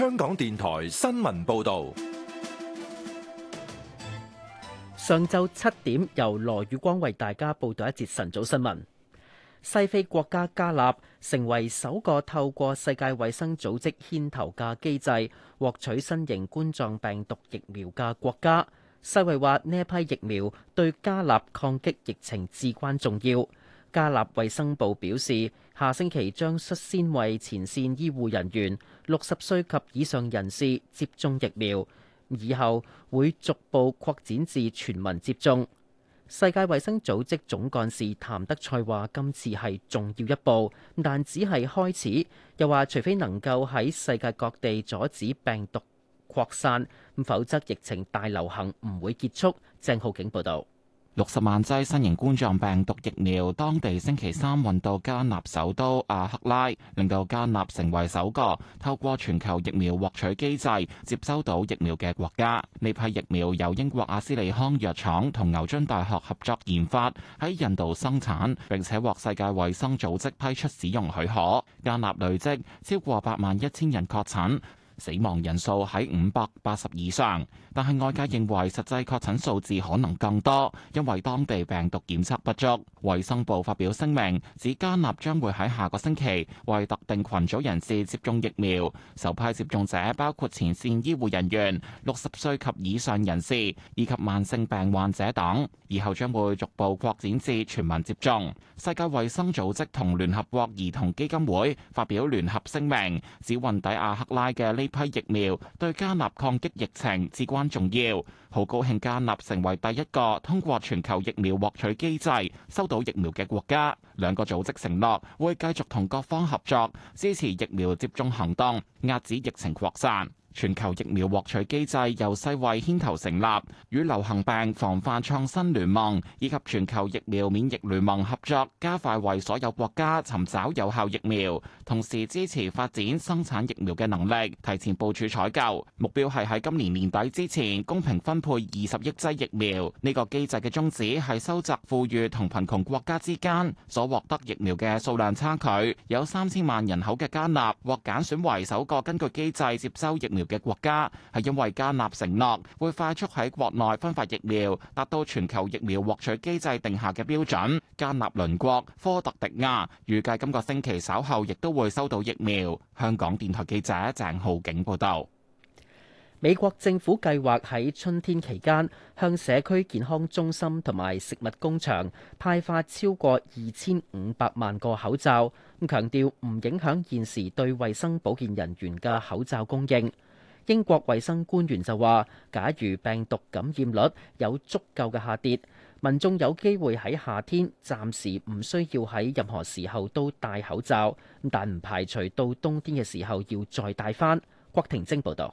香港電台新聞報道，上晝七點由羅宇光為大家報道一節晨早新聞。西非國家加納成為首個透過世界衛生組織牽頭嘅機制獲取新型冠狀病毒疫苗嘅國家。世衛話呢一批疫苗對加納抗擊疫情，至關重要。加納衞生部表示，下星期將率先為前線醫護人員、六十歲及以上人士接種疫苗，以後會逐步擴展至全民接種。世界衛生組織總幹事譚德塞話：今次係重要一步，但只係開始。又話，除非能夠喺世界各地阻止病毒擴散，否則疫情大流行唔會結束。鄭浩景報導。六十萬劑新型冠狀病毒疫苗，當地星期三運到加納首都阿克拉，令到加納成為首個透過全球疫苗獲取機制接收到疫苗嘅國家。呢批疫苗由英國阿斯利康藥廠同牛津大學合作研發，喺印度生產，並且獲世界衛生組織批出使用許可。加納累積超過八萬一千人確診。死亡人數喺五百八十以上，但係外界認為實際確診數字可能更多，因為當地病毒檢測不足。衛生部發表聲明，指加納將會喺下個星期為特定群組人士接種疫苗，首批接種者包括前線醫護人員、六十歲及以上人士、以及慢性病患者等，以後將會逐步擴展至全民接種。世界衛生組織同聯合國兒童基金會發表聯合聲明，指運抵阿克拉嘅呢。批疫苗對加納抗擊疫情至關重要，好高興加納成為第一個通過全球疫苗獲取機制收到疫苗嘅國家。兩個組織承諾會繼續同各方合作，支持疫苗接種行動，遏止疫情擴散。全球疫苗獲取機制由世衛牽頭成立，與流行病防範創新聯盟以及全球疫苗免疫聯盟合作，加快為所有國家尋找有效疫苗，同時支持發展生產疫苗嘅能力，提前部署採購。目標係喺今年年底之前公平分配二十億劑疫苗。呢個機制嘅宗旨係收窄富裕同貧窮國家之間所獲得疫苗嘅數量差距。有三千萬人口嘅加納獲揀選為首個根據機制接收疫苗。嘅國家係因為加納承諾會快速喺國內分發疫苗，達到全球疫苗獲取機制定下嘅標準。加納鄰國科特迪亞預計今個星期稍後亦都會收到疫苗。香港電台記者鄭浩景報道。美國政府計劃喺春天期間向社區健康中心同埋食物工場派發超過二千五百萬個口罩，咁強調唔影響現時對衞生保健人員嘅口罩供應。英國衛生官員就話：假如病毒感染率有足夠嘅下跌，民眾有機會喺夏天暫時唔需要喺任何時候都戴口罩，但唔排除到冬天嘅時候要再戴返。郭婷晶報導。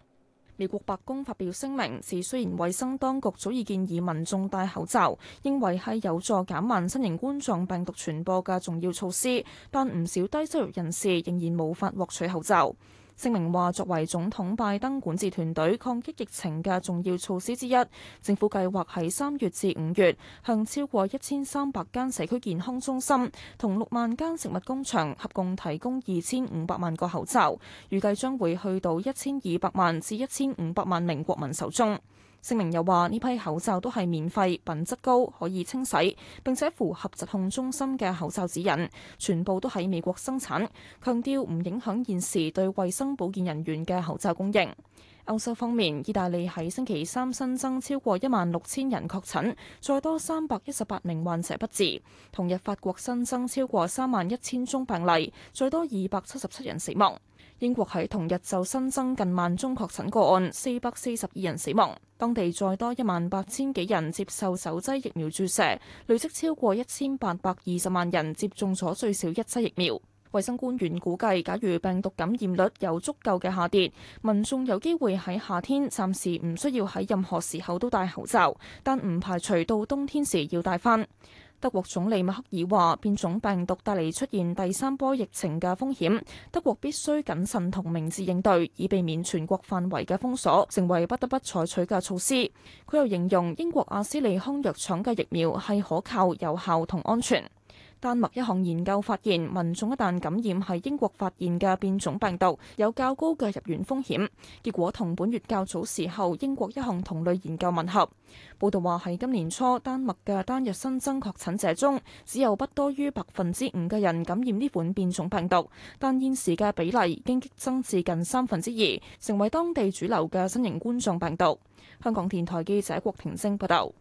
美國白宮發表聲明指，是雖然衛生當局早已建議民眾戴口罩，認為係有助減慢新型冠狀病毒傳播嘅重要措施，但唔少低收入人士仍然無法獲取口罩。聲明話，作為總統拜登管治團隊抗擊疫情嘅重要措施之一，政府計劃喺三月至五月向超過一千三百間社區健康中心同六萬間食物工場合共提供二千五百萬個口罩，預計將會去到一千二百萬至一千五百萬名國民手中。聲明又話：呢批口罩都係免費、品質高、可以清洗，並且符合疾控中心嘅口罩指引，全部都喺美國生產。強調唔影響現時對衞生保健人員嘅口罩供應。歐洲方面，意大利喺星期三新增超過一萬六千人確診，再多三百一十八名患者不治。同日，法國新增超過三萬一千宗病例，再多二百七十七人死亡。英國喺同日就新增近萬宗確診個案，四百四十二人死亡。當地再多一萬八千幾人接受首劑疫苗注射，累積超過一千八百二十萬人接種咗最少一劑疫苗。衛生官員估計，假如病毒感染率有足夠嘅下跌，民眾有機會喺夏天暫時唔需要喺任何時候都戴口罩，但唔排除到冬天時要戴返。德國總理默克爾話：變種病毒帶嚟出現第三波疫情嘅風險，德國必須謹慎同明智應對，以避免全國範圍嘅封鎖，成為不得不採取嘅措施。佢又形容英國阿斯利康藥廠嘅疫苗係可靠、有效同安全。丹麥一項研究發現民眾一旦感染係英國發現嘅變種病毒，有較高嘅入院風險，結果同本月較早時候英國一項同類研究吻合。報道話喺今年初丹麥嘅單日新增確診者中，只有不多於百分之五嘅人感染呢款變種病毒，但現時嘅比例已經激增至近三分之二，成為當地主流嘅新型冠狀病毒。香港電台記者郭婷晶報道。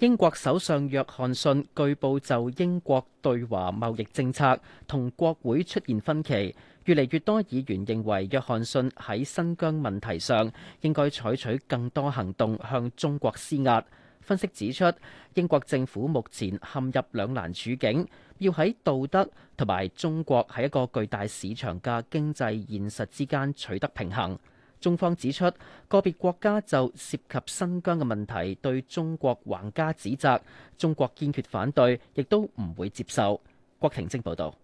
英國首相約翰遜據報，就英國對華貿易政策同國會出現分歧，越嚟越多議員認為約翰遜喺新疆問題上應該採取更多行動，向中國施壓。分析指出，英國政府目前陷入兩難處境，要喺道德同埋中國係一個巨大市場嘅經濟現實之間取得平衡。中方指出，個別國家就涉及新疆嘅問題對中國橫加指責，中國堅決反對，亦都唔會接受。郭婷晶報道。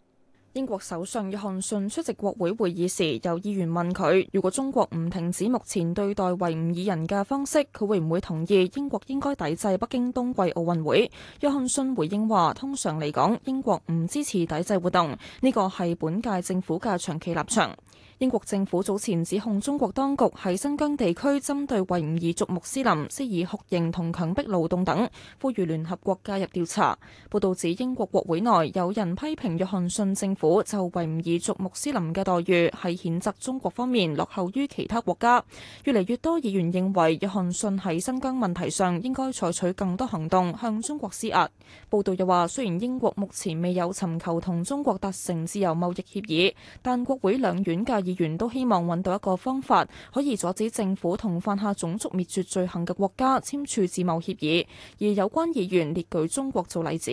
英國首相約翰遜出席國會會議時，有議員問佢：如果中國唔停止目前對待維吾爾人嘅方式，佢會唔會同意英國應該抵制北京冬季奧運會？約翰遜回應話：通常嚟講，英國唔支持抵制活動，呢個係本屆政府嘅長期立場。英國政府早前指控中國當局喺新疆地區針對維吾爾族穆斯林施以酷刑同強迫勞動等，呼籲聯合國介入調查。報道指英國國會內有人批評約翰遜政府就維吾爾族穆斯林嘅待遇係譴責中國方面落後於其他國家。越嚟越多議員認為約翰遜喺新疆問題上應該採取更多行動向中國施壓。報道又話，雖然英國目前未有尋求同中國達成自由貿易協議，但國會兩院嘅議議員都希望揾到一個方法，可以阻止政府同犯下種族滅絕罪行嘅國家簽署自貿協議。而有關議員列舉中國做例子，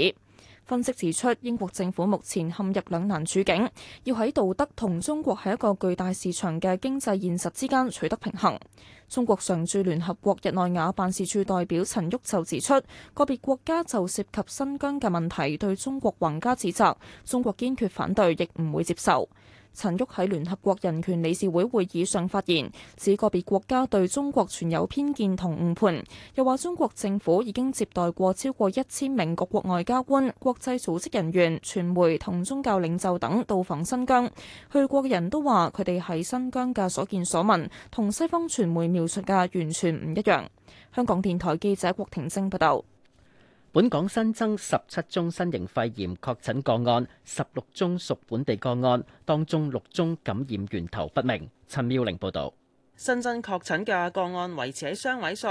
分析指出英國政府目前陷入兩難處境，要喺道德同中國喺一個巨大市場嘅經濟現實之間取得平衡。中國常駐聯合國日內瓦辦事處代表陳旭就指出，個別國家就涉及新疆嘅問題對中國橫加指責，中國堅決反對，亦唔會接受。陳旭喺聯合國人權理事會會議上發言，指個別國家對中國存有偏見同誤判，又話中國政府已經接待過超過一千名各國外交官、國際組織人員、傳媒同宗教領袖等到訪新疆。去過嘅人都話，佢哋喺新疆嘅所見所聞同西方傳媒描述嘅完全唔一樣。香港電台記者郭婷晶報道。本港新增十七宗新型肺炎確診個案，十六宗屬本地個案，當中六宗感染源頭不明。陳妙玲報道。新增確診嘅個案維持喺雙位數，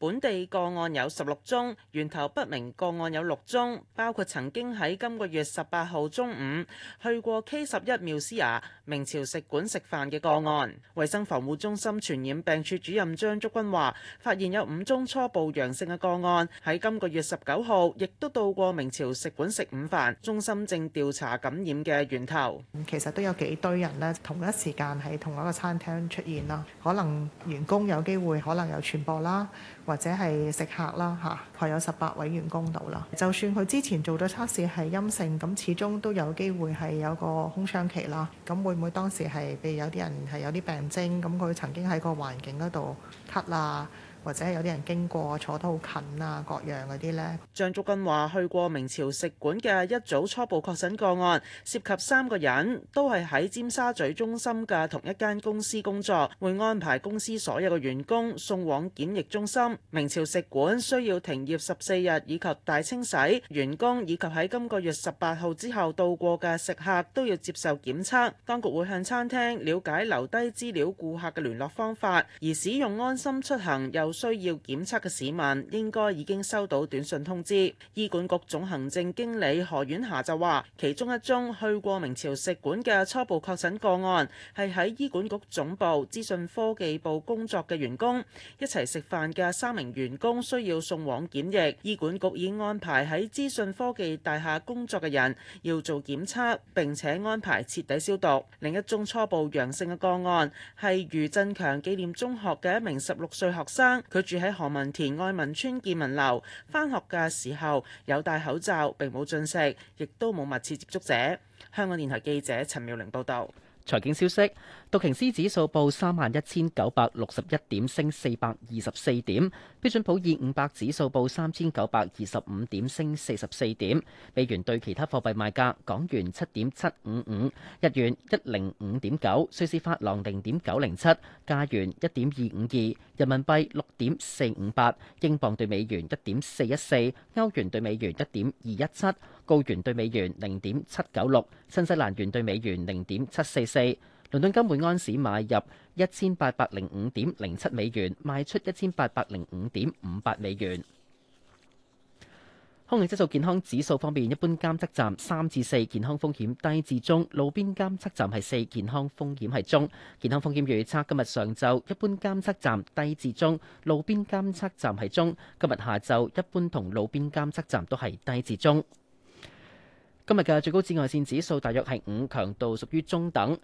本地個案有十六宗，源頭不明個案有六宗，包括曾經喺今個月十八號中午去過 K 十一妙思雅明朝食館食飯嘅個案。衛生防護中心傳染病處主任張竹君話，發現有五宗初步陽性嘅個案喺今個月十九號，亦都到過明朝食館食午飯，中心正調查感染嘅源頭。其實都有幾堆人呢，同一時間喺同一個餐廳出現啦。可能員工有機會可能有傳播啦，或者係食客啦嚇，佢、啊、有十八位員工到啦。就算佢之前做咗測試係陰性，咁始終都有機會係有個空窗期啦。咁會唔會當時係譬如有啲人係有啲病徵，咁佢曾經喺個環境嗰度咳啊？或者有啲人經過坐得好近啊，各樣嗰啲呢。張竹君話：去過明朝食館嘅一組初步確診個案，涉及三個人，都係喺尖沙咀中心嘅同一間公司工作，會安排公司所有嘅員工送往檢疫中心。明朝食館需要停業十四日以及大清洗，員工以及喺今個月十八號之後到過嘅食客都要接受檢測。當局會向餐廳了解留低資料顧客嘅聯絡方法，而使用安心出行又。需要檢測嘅市民應該已經收到短信通知。醫管局總行政經理何婉霞就話，其中一宗去過明朝食館嘅初步確診個案係喺醫管局總部資訊科技部工作嘅員工，一齊食飯嘅三名員工需要送往檢疫。醫管局已安排喺資訊科技大廈工作嘅人要做檢測，並且安排徹底消毒。另一宗初步陽性嘅個案係余振強紀念中學嘅一名十六歲學生。佢住喺何文田愛民村建民樓，返學嘅時候有戴口罩，並冇進食，亦都冇密切接觸者。香港電台記者陳妙玲報道。財經消息，道瓊斯指數報三萬一千九百六十一點，升四百二十四點。標準普爾五百指數報三千九百二十五點，升四十四點。美元對其他貨幣賣價：港元七點七五五，日元一零五點九，瑞士法郎零點九零七，加元一點二五二，人民幣六點四五八，英鎊對美元一點四一四，歐元對美元一點二一七，高元對美元零點七九六，新西蘭元對美元零點七四四。倫敦金每安士買入一千八百零五點零七美元，賣出一千八百零五點五八美元。空氣質素健康指數方面，一般監測站三至四，健康風險低至中；路邊監測站係四，健康風險係中。健康風險預測今日上晝一般監測站低至中，路邊監測站係中；今日下晝一般同路邊監測站都係低至中。今日嘅最高紫外線指數大約係五，強度屬於中等。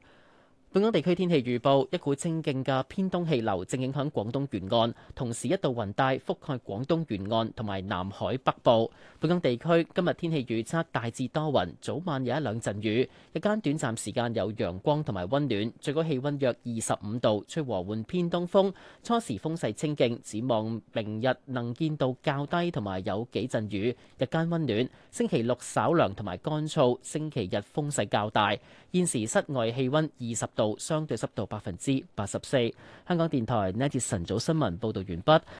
本港地區天氣預報，一股清勁嘅偏東氣流正影響廣東沿岸，同時一道雲帶覆蓋廣東沿岸同埋南海北部。本港地區今日天氣預測，大致多雲，早晚有一兩陣雨，日間短暫時間有陽光同埋溫暖，最高氣溫約二十五度，吹和緩偏東風，初時風勢清勁，展望明日能見度較低同埋有幾陣雨，日間溫暖。星期六稍涼同埋乾燥，星期日風勢較大。現時室外氣溫二十度。相對濕度百分之八十四。香港電台呢一節晨早新聞報道完畢。